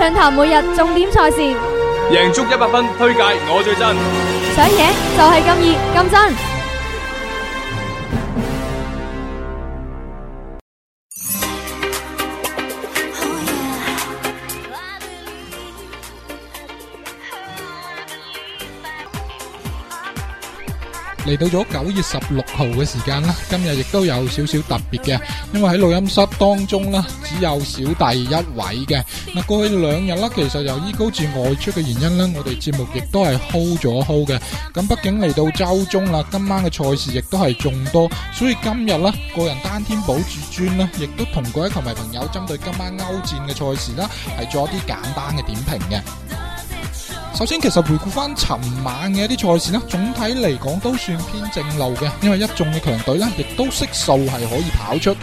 暢談每日重點賽事，贏足一百分推介，我最真，想贏就係咁易咁真。嚟到咗九月十六號嘅時間啦，今日亦都有少少特別嘅，因為喺錄音室當中啦，只有小弟一位嘅。嗱，過去兩日啦，其實由於高志外出嘅原因啦，我哋節目亦都係 hold 咗 hold 嘅。咁畢竟嚟到周中啦，今晚嘅賽事亦都係眾多，所以今日啦，個人單天保至尊啦，亦都同各位球迷朋友針對今晚歐戰嘅賽事啦，係做一啲簡單嘅點評嘅。首先，其實回顧翻尋晚嘅一啲賽事咧，總體嚟講都算偏正路嘅，因為一眾嘅強隊呢，亦都悉數係可以跑出。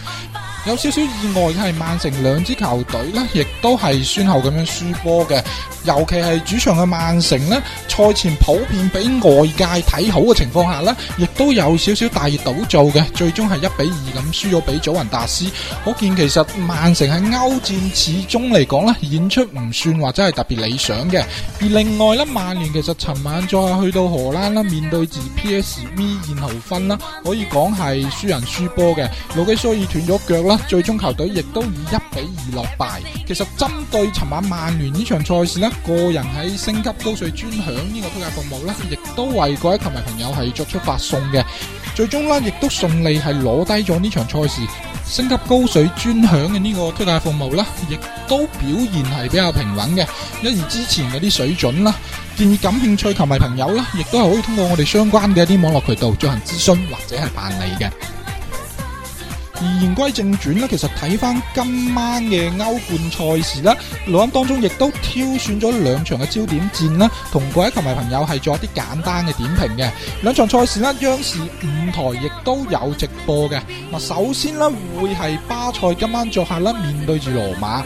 有少少意外嘅係曼城兩支球隊咧，亦都係先後咁樣輸波嘅。尤其係主場嘅曼城咧，賽前普遍俾外界睇好嘅情況下咧，亦都有少少大熱倒灶嘅。最終係一比二咁輸咗俾祖雲達斯。可見其實曼城喺歐戰始終嚟講咧，演出唔算或者係特別理想嘅。而另外咧，曼聯其實尋晚再去到荷蘭啦，面對住 PSV 燕豪芬啦，可以講係輸人輸波嘅。魯基所以斷咗腳啦。最終球隊亦都以一比二落敗。其實針對尋晚曼聯呢場賽事咧，個人喺升級高水專享呢個推介服務咧，亦都為各位球迷朋友係作出發送嘅。最終呢，亦都順利係攞低咗呢場賽事升級高水專享嘅呢個推介服務啦，亦都表現係比較平穩嘅，因而之前嗰啲水準啦。建議感興趣球迷朋友咧，亦都係可以通過我哋相關嘅一啲網絡渠道進行諮詢或者係辦理嘅。而言歸正傳咧，其實睇翻今晚嘅歐冠賽事啦，兩間當中亦都挑選咗兩場嘅焦點戰啦，同各位球迷朋友係做一啲簡單嘅點評嘅。兩場賽事咧，央視五台亦都有直播嘅。嗱，首先咧會係巴塞今晚作客啦，面對住羅馬。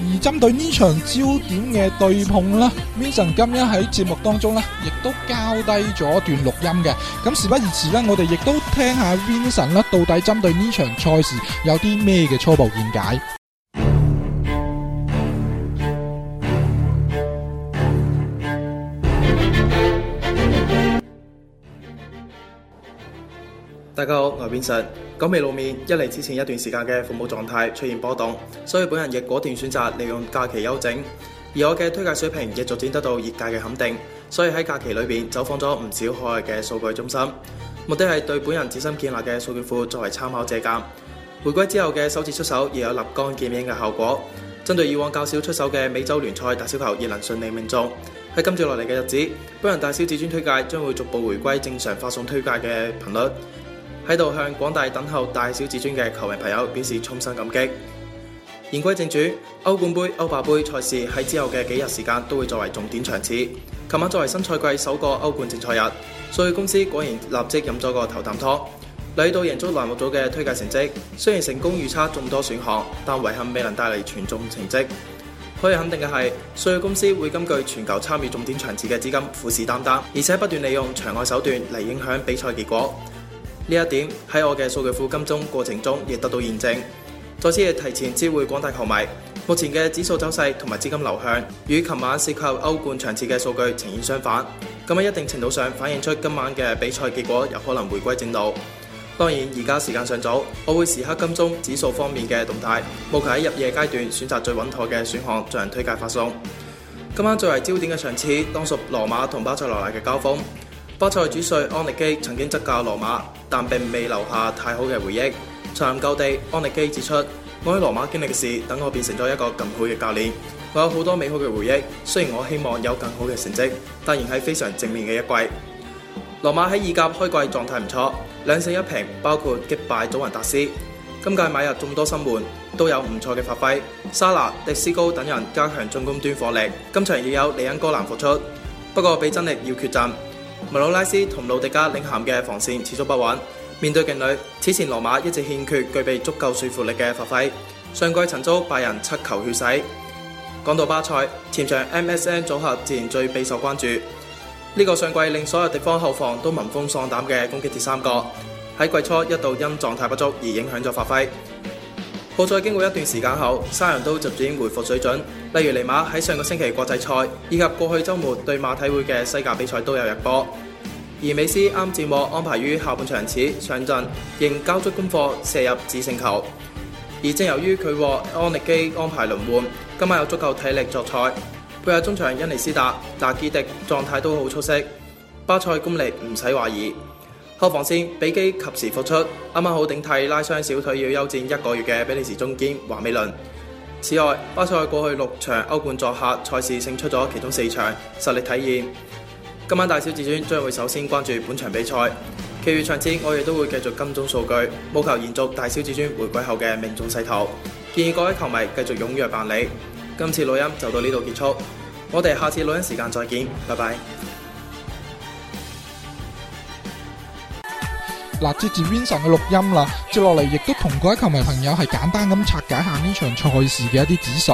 而針對呢場焦點嘅對碰咧，Vincent 今日喺節目當中咧，亦都交低咗段錄音嘅。咁事不宜遲咧，我哋亦都聽下 Vincent 到底針對呢場賽事有啲咩嘅初步見解。大家好，我係邊成久未露面，一嚟，之前一段時間嘅服務狀態出現波動，所以本人亦果斷選擇利用假期休整。而我嘅推介水平亦逐漸得到業界嘅肯定，所以喺假期裏邊走訪咗唔少海外嘅數據中心，目的係對本人自身建立嘅數據庫作為參考借鑑。回歸之後嘅首次出手亦有立竿見影嘅效果，針對以往較少出手嘅美洲聯賽大小球亦能順利命中。喺今次落嚟嘅日子，本人大小至尊推介將會逐步回歸正常發送推介嘅頻率。喺度向廣大等候大小至尊嘅球迷朋友表示衷心感激。言歸正傳，歐冠杯、歐霸杯賽事喺之後嘅幾日時間都會作為重點場次。琴晚作為新賽季首個歐冠正賽日，數據公司果然立即飲咗個頭啖湯，嚟到贏足欄目組嘅推介成績。雖然成功預測眾多選項，但遺憾未能帶嚟全中成績。可以肯定嘅係，數據公司會根據全球參與重點場次嘅資金虎視眈眈，而且不斷利用場外手段嚟影響比賽結果。呢一點喺我嘅數據庫跟蹤過程中亦得到驗證。再次提前知會廣大球迷，目前嘅指數走勢同埋資金流向，與琴晚涉及歐冠場次嘅數據呈現相反，咁喺一定程度上反映出今晚嘅比賽結果有可能回歸正道。當然，而家時間尚早，我會時刻跟蹤指數方面嘅動態，務求喺入夜階段選擇最穩妥嘅選項進行推介發送。今晚最為焦點嘅場次，當屬羅馬同巴塞羅那嘅交鋒。巴塞主帥安力基曾經執教羅馬，但並未留下太好嘅回憶。談及舊地，安力基指出：我喺羅馬經歷嘅事，等我變成咗一個更好嘅教練，我有好多美好嘅回憶。雖然我希望有更好嘅成績，但仍係非常正面嘅一季。羅馬喺意甲開季狀態唔錯，兩勝一平，包括擊敗祖雲達斯。今屆買入眾多新援都有唔錯嘅發揮，莎拿、迪斯高等人加強進攻端火力。今場亦有里恩哥蘭復出，不過比真力要缺陣。穆魯拉斯同魯迪加領銜嘅防線始終不穩，面對勁旅，此前羅馬一直欠缺具備足夠説服力嘅發揮。上季曾遭拜仁七球血洗。講到巴塞，前場 MSN 組合自然最備受關注。呢、這個上季令所有敵方後防都聞風喪膽嘅攻擊鐵三角，喺季初一度因狀態不足而影響咗發揮。再經過一段時間後，三人都逐漸恢復水準。例如尼馬喺上個星期國際賽以及過去週末對馬體會嘅西甲比賽都有入波。而美斯啱戰獲安排於下半場始上陣，仍交足功課射入致勝球。而正由於佢獲安力基安排輪換，今晚有足夠體力作賽。配合中場恩尼斯達、達基迪狀態都好出色，巴塞功力唔使懷疑。後防線，比基及時復出，啱啱好頂替拉傷小腿要休戰一個月嘅比利時中堅華美倫。此外，巴塞過去六場歐冠作客賽事勝出咗其中四場，實力體現。今晚大小至尊將會首先關注本場比賽，其餘場次我亦都會繼續跟蹤數據，務求延續大小至尊回歸後嘅命中勢頭。建議各位球迷繼續踴躍辦理。今次錄音就到呢度結束，我哋下次錄音時間再見，拜拜。嗱，接住 Vincent 嘅錄音啦，接落嚟亦都同各位球迷朋友係簡單咁拆解下呢場賽事嘅一啲指數。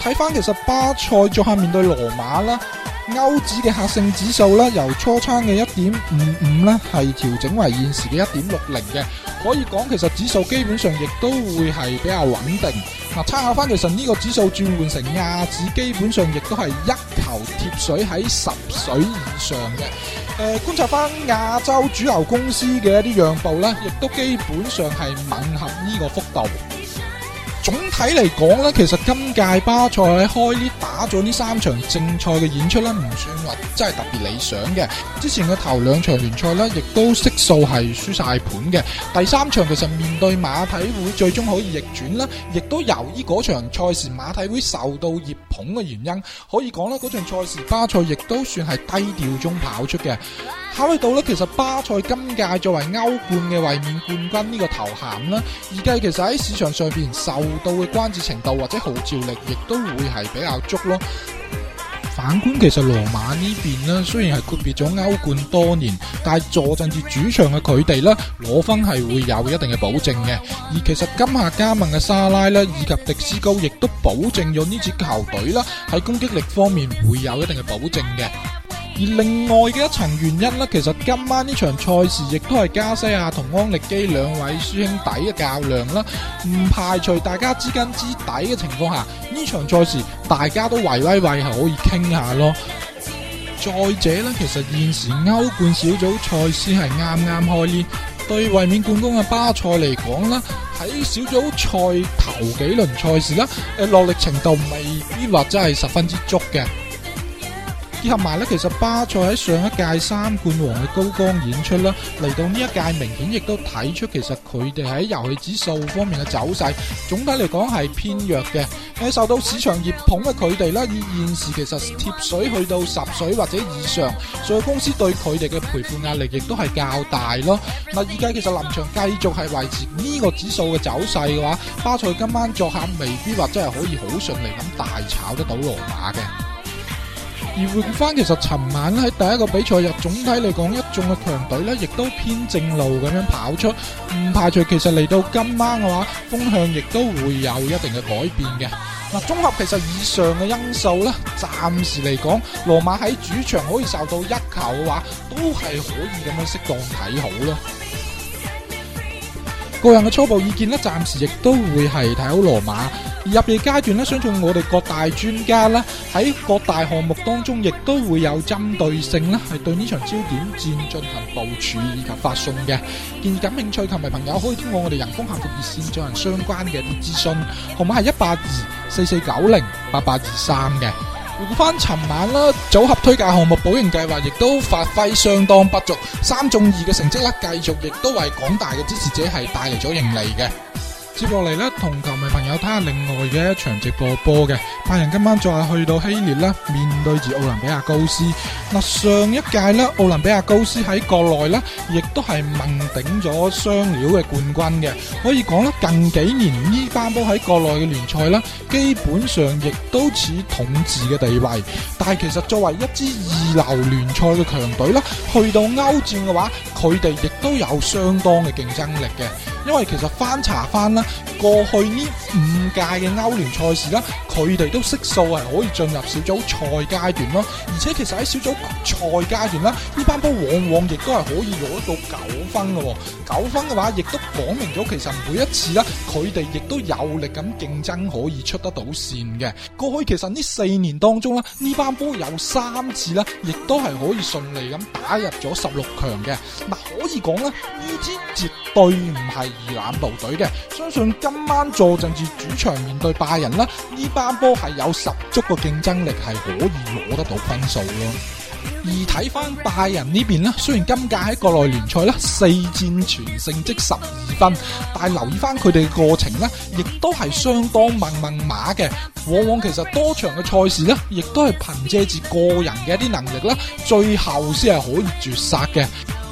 睇翻其實巴塞作客面對羅馬啦，歐指嘅客勝指數啦，由初盤嘅一點五五咧，係調整為現時嘅一點六零嘅。可以講其實指數基本上亦都會係比較穩定。嗱，參考翻其實呢個指數轉換成亞指，基本上亦都係一。貼水喺十水以上嘅，誒、呃，觀察翻亞洲主流公司嘅一啲讓步咧，亦都基本上係吻合呢個幅度。總體嚟講咧，其實今屆巴塞開呢，打咗呢三場正賽嘅演出咧，唔算話真係特別理想嘅。之前嘅頭兩場聯賽呢，亦都悉數係輸晒盤嘅。第三場其實面對馬體會，最終可以逆轉啦。亦都由於嗰場賽事馬體會受到熱捧嘅原因，可以講咧，嗰場賽事巴塞亦都算係低調中跑出嘅。考慮到咧，其實巴塞今屆作為歐冠嘅衛冕冠軍呢個頭銜啦，預計其實喺市場上邊受到嘅關注程度或者號召力，亦都會係比較足咯。反觀其實羅馬呢邊咧，雖然係闊別咗歐冠多年，但係坐鎮住主場嘅佢哋咧，攞分係會有一定嘅保證嘅。而其實今夏加盟嘅沙拉咧，以及迪斯高，亦都保證咗呢支球隊啦喺攻擊力方面會有一定嘅保證嘅。而另外嘅一層原因呢，其實今晚呢場賽事亦都係加西亞同安力基兩位師兄弟嘅較量啦。唔排除大家之間之底嘅情況下，呢場賽事大家都圍威喂係可以傾下咯。再者呢，其實現時歐冠小組賽事係啱啱開練，對衛冕冠軍嘅巴塞嚟講呢，喺小組賽頭幾輪賽事呢，誒落力程度未必或者係十分之足嘅。結合埋咧，其實巴塞喺上一屆三冠王嘅高光演出啦，嚟到呢一屆明顯亦都睇出，其實佢哋喺遊戲指數方面嘅走勢，總體嚟講係偏弱嘅。誒，受到市場熱捧嘅佢哋咧，以現時其實貼水去到十水或者以上，所以公司對佢哋嘅賠付壓力亦都係較大咯。嗱，而家其實臨場繼續係維持呢個指數嘅走勢嘅話，巴塞今晚作客未必話真係可以好順利咁大炒得到羅馬嘅。而換翻，其實尋晚喺第一個比賽日，總體嚟講一眾嘅強隊咧，亦都偏正路咁樣跑出，唔排除其實嚟到今晚嘅話，風向亦都會有一定嘅改變嘅。嗱、啊，綜合其實以上嘅因素咧，暫時嚟講，羅馬喺主場可以受到一球嘅話，都係可以咁樣適當睇好咯。個人嘅初步意見咧，暫時亦都會係睇好羅馬。而入夜階段咧，相信我哋各大專家啦，喺各大項目當中亦都會有針對性啦，係對呢場焦點戰進行部署以及發送嘅。建議，感興趣球迷朋友可以通過我哋人工客服熱綫進行相關嘅一啲資訊，號碼係一八二四四九零八八二三嘅。回顧翻尋晚啦，組合推介項目保贏計劃亦都發揮相當不俗，三中二嘅成績啦，繼續亦都為廣大嘅支持者係帶嚟咗盈利嘅。接落嚟咧，同球迷朋友睇下另外嘅一場直播波嘅，拜仁今晚再係去到希臘啦，面對住奧林比亞高斯。嗱、啊，上一屆咧，奧林比亞高斯喺國內咧，亦都係問鼎咗雙料嘅冠軍嘅，可以講咧，近幾年呢班波喺國內嘅聯賽啦，基本上亦都似統治嘅地位。但係其實作為一支二流聯賽嘅強隊啦，去到歐戰嘅話。佢哋亦都有相當嘅競爭力嘅，因為其實翻查返啦，過去呢五屆嘅歐聯賽事啦，佢哋都悉數係可以進入小組賽階段咯，而且其實喺小組賽階段啦，呢班波往往亦都係可以攞到九分咯，九分嘅話亦都講明咗其實每一次啦，佢哋亦都有力咁競爭可以出得到線嘅。過去其實呢四年當中啦，呢班波有三次啦，亦都係可以順利咁打入咗十六強嘅。可以講呢，呢支絕對唔係二流部隊嘅，相信今晚坐鎮住主場面對拜仁啦，呢班波係有十足嘅競爭力，係可以攞得到分數咯。而睇翻拜仁呢邊咧，雖然今屆喺國內聯賽咧四戰全勝，積十二分，但留意翻佢哋嘅過程呢亦都係相當問問馬嘅，往往其實多場嘅賽事呢亦都係憑借住個人嘅一啲能力啦，最後先係可以絕殺嘅。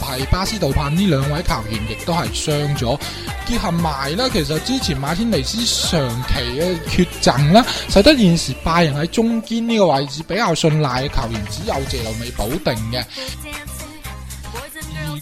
合係巴斯道帕呢兩位球員亦都係傷咗，結合埋呢，其實之前馬天尼斯長期嘅缺陣呢，使得現時拜仁喺中堅呢個位置比較信賴嘅球員只有謝路美保定嘅。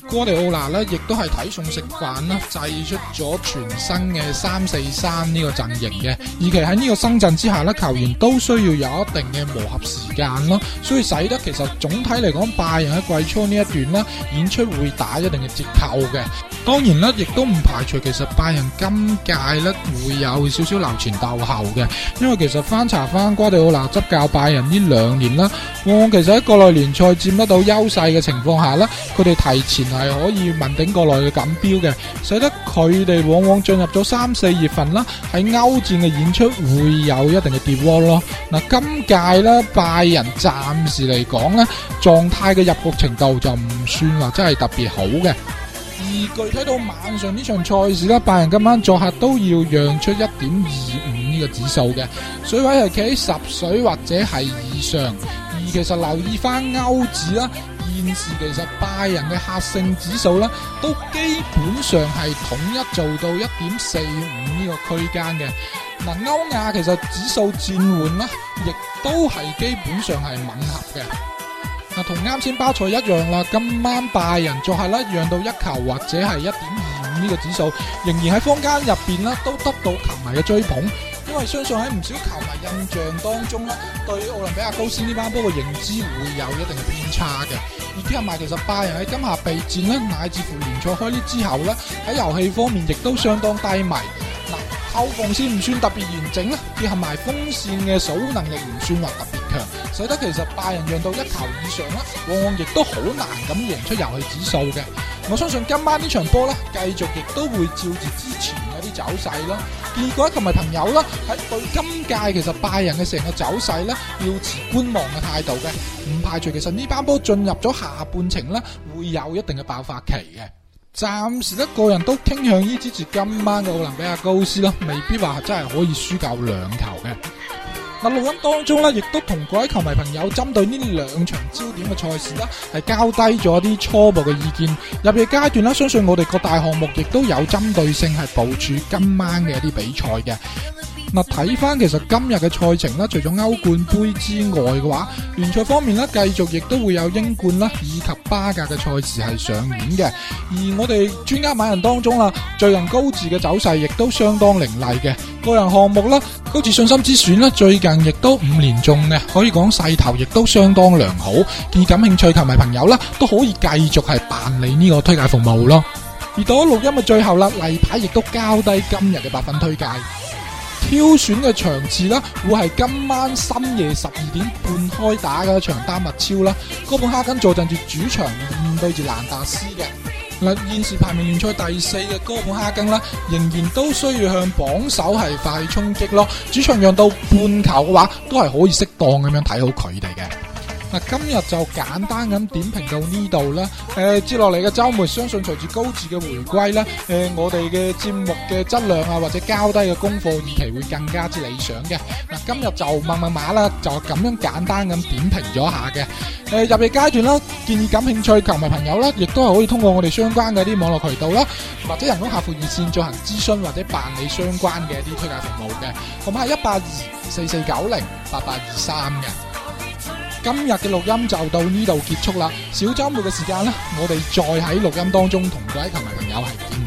瓜迪奧拿咧，亦都係睇餸食飯啦，製出咗全新嘅三四三呢個陣型嘅。而其喺呢個新陣之下呢，球員都需要有一定嘅磨合時間咯，所以使得其實總體嚟講，拜仁喺季初呢一段呢演出會打一定嘅折扣嘅。當然啦，亦都唔排除其實拜仁今屆呢會有少少留前鬥後嘅，因為其實翻查翻瓜迪奧拿執教拜仁呢兩年啦，往往其實喺國內聯賽佔得到優勢嘅情況下呢，佢哋提前。係可以問鼎國內嘅錦標嘅，使得佢哋往往進入咗三四月份啦，喺歐戰嘅演出會有一定嘅跌渦咯。嗱、啊，今屆啦，拜仁暫時嚟講咧，狀態嘅入局程度就唔算話真係特別好嘅。而具體到晚上場賽呢場賽事咧，拜仁今晚作客都要讓出一點二五呢個指數嘅，水位係企喺十水或者係以上。而其實留意翻歐指啦。其實拜仁嘅客勝指數咧，都基本上係統一做到一點四五呢個區間嘅。嗱，歐亞其實指數轉換啦，亦都係基本上係吻合嘅。嗱，同啱先巴塞一樣啦，今晚拜仁做客咧，讓到一球或者係一點二五呢個指數，仍然喺坊間入邊咧都得到球迷嘅追捧。因為相信喺唔少球迷印象當中咧，對奧林比亞高斯呢班波嘅認知會有一定嘅偏差嘅。而兼係埋其實拜仁喺今夏備戰咧，乃至乎聯賽開呢之後咧，喺遊戲方面亦都相當低迷。嗱、呃，後防線唔算特別完整啊，兼係埋鋒線嘅守能力唔算話特別強，使得其實拜仁讓到一球以上啦，往往亦都好難咁贏出遊戲指數嘅。我相信今晚呢場波咧，繼續亦都會照住之前。走勢咯，結果同埋朋友啦，喺對今屆其實拜仁嘅成個走勢咧，要持觀望嘅態度嘅，唔排除其實呢班波進入咗下半程咧，會有一定嘅爆發期嘅。暫時一個人都傾向於支持今晚嘅奧林匹克高斯咯，未必話真係可以輸夠兩球嘅。嗱，錄音當中咧，亦都同各位球迷朋友針對呢兩場焦點嘅賽事啦，係交低咗啲初步嘅意見。入夜階段咧，相信我哋各大項目亦都有針對性係部署今晚嘅一啲比賽嘅。嗱，睇翻其實今日嘅賽程啦，除咗歐冠盃之外嘅話，聯賽方面咧，繼續亦都會有英冠啦，以及巴甲嘅賽事係上演嘅。而我哋專家買人當中啦，最近高智嘅走勢亦都相當凌厲嘅。個人項目啦，高智信心之選啦，最近亦都五連中咧，可以講勢頭亦都相當良好。建議感興趣球迷朋友啦，都可以繼續係辦理呢個推介服務咯。而到咗錄音嘅最後啦，例牌亦都交低今日嘅百分推介。挑選嘅場次呢，會係今晚深夜十二點半開打嘅一場丹麥超啦。哥本哈根坐鎮住主場面對住蘭達斯嘅嗱，現時排名聯賽第四嘅哥本哈根呢，仍然都需要向榜首係快起衝擊咯。主場讓到半球嘅話，都係可以適當咁樣睇好佢哋嘅。嗱，今日就簡單咁點評到呢度啦。誒，接落嚟嘅周末，相信隨住高智嘅回歸咧，誒，我哋嘅節目嘅質量啊，或者交低嘅功課，預期會更加之理想嘅。嗱，今日就問問碼啦，就咁樣簡單咁點評咗一下嘅。誒，入夜階段啦，建議感興趣球迷朋友啦，亦都係可以通過我哋相關嘅啲網絡渠道啦，或者人工客服熱線進行諮詢或者辦理相關嘅一啲推介服務嘅，號碼係一八二四四九零八八二三嘅。今日嘅錄音就到呢度結束啦，小周末嘅時間咧，我哋再喺錄音當中同各位球迷朋友係。